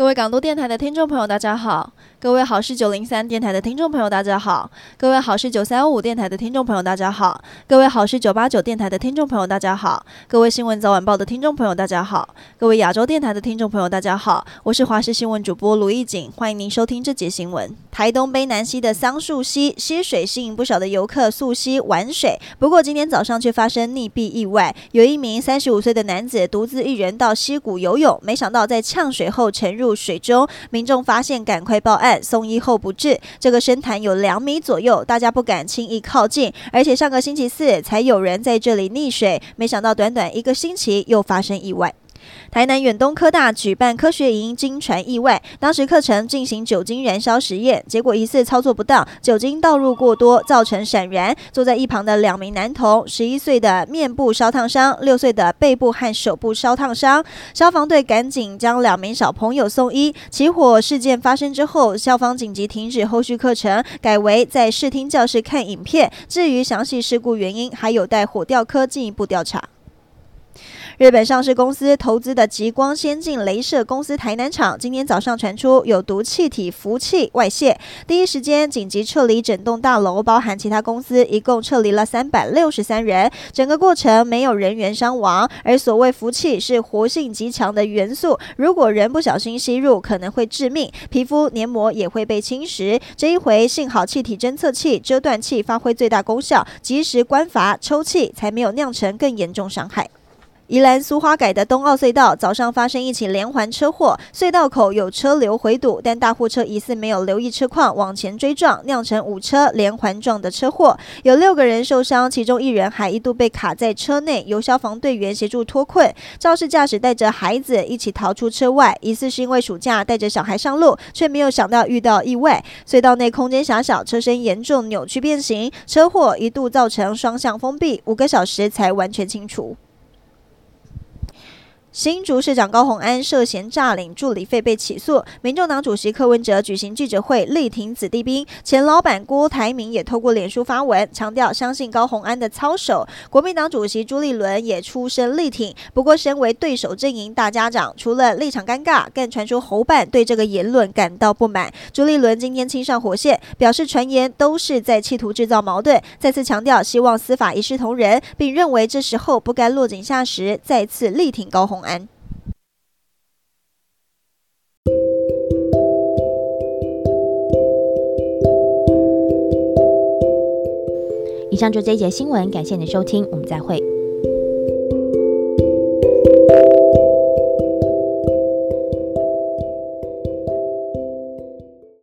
各位港都電台的聽眾朋友，大家好。各位好，是九零三電台的聽眾朋友，大家好；各位好，是九三五電台的聽眾朋友，大家好；各位好，是九八九電台的聽眾朋友，大家好；各位新聞早晚報的聽眾朋友，大家好；各位亞洲電台的聽眾朋友，大家好。我是華視新聞主播盧藝錦，歡迎您收聽這節新聞。台東卑南溪的桑樹溪溪水吸引不少的遊客溯溪玩水，不過今天早上卻發生溺斃意外，有一名三十五歲的男子獨自一人到溪谷游泳，沒想到在嗆水後沉入水中，民眾發現趕快報案。送醫後不治，這個深潭有兩米左右，大家不敢輕易靠近，而且上個星期四才有人在這裡溺水，沒想到短短一個星期又發生意外。台南遠東科大舉辦科學營驚傳意外，當時課程進行酒精燃燒實驗，結果疑似操作不當，酒精倒入過多造成閃燃。坐在一旁的兩名男童，十一歲的面部燒燙傷，六歲的背部和手部燒燙傷。消防隊趕緊將兩名小朋友送醫。起火事件發生之後，校方緊急停止後續課程，改為在視聽教室看影片。至於詳細事故原因，還有待火調科進一步調查。日本上市公司投資的極光先進雷射公司台南廠今天早上傳出有毒氣體氟氣外洩，第一時間緊急撤離整棟大樓，包含其他公司，一共撤離了三百六十三人。整個過程沒有人員傷亡。而所謂氟氣是活性極強的元素，如果人不小心吸入，可能會致命，皮膚黏膜也會被侵蝕。這一回幸好氣體偵測器、遮斷器發揮最大功效，及時關閥抽氣，才沒有釀成更嚴重傷害。宜蘭蘇花改的東澳隧道早上發生一起連環車禍，隧道口，有車流回堵，但大貨車疑似沒有留意車況往前追撞，釀成五車連環撞的車禍，有六個人受傷，其中一人還一度被卡在車內，由消防隊員協助脫困。肇事駕駛帶着孩子一起逃出車外，疑似是因為暑假帶着小孩上路，卻沒有想到遇到意外。隧道內空間狹小，車身嚴重扭曲變形，車禍一度造成雙向封閉，五個小時才完全清除。新竹市長高虹安涉嫌詐領助理費被起訴，民眾黨主席柯文哲舉行記者會力挺子弟兵，前老板郭台銘也透過臉書發文強調，相信高虹安的操守，國民黨主席朱立倫也出聲力挺。不過身為對手陣營大家長，除了立場尷尬，更傳出侯辦對這個言論感到不滿。朱立倫今天親上火線，表示傳言都是在企圖製造矛盾，再次強調希望司法一視同仁，並認為這時候不該落井下石，再次力挺高虹。晚安，以上就這一節新聞，感謝您的收聽，我們再會。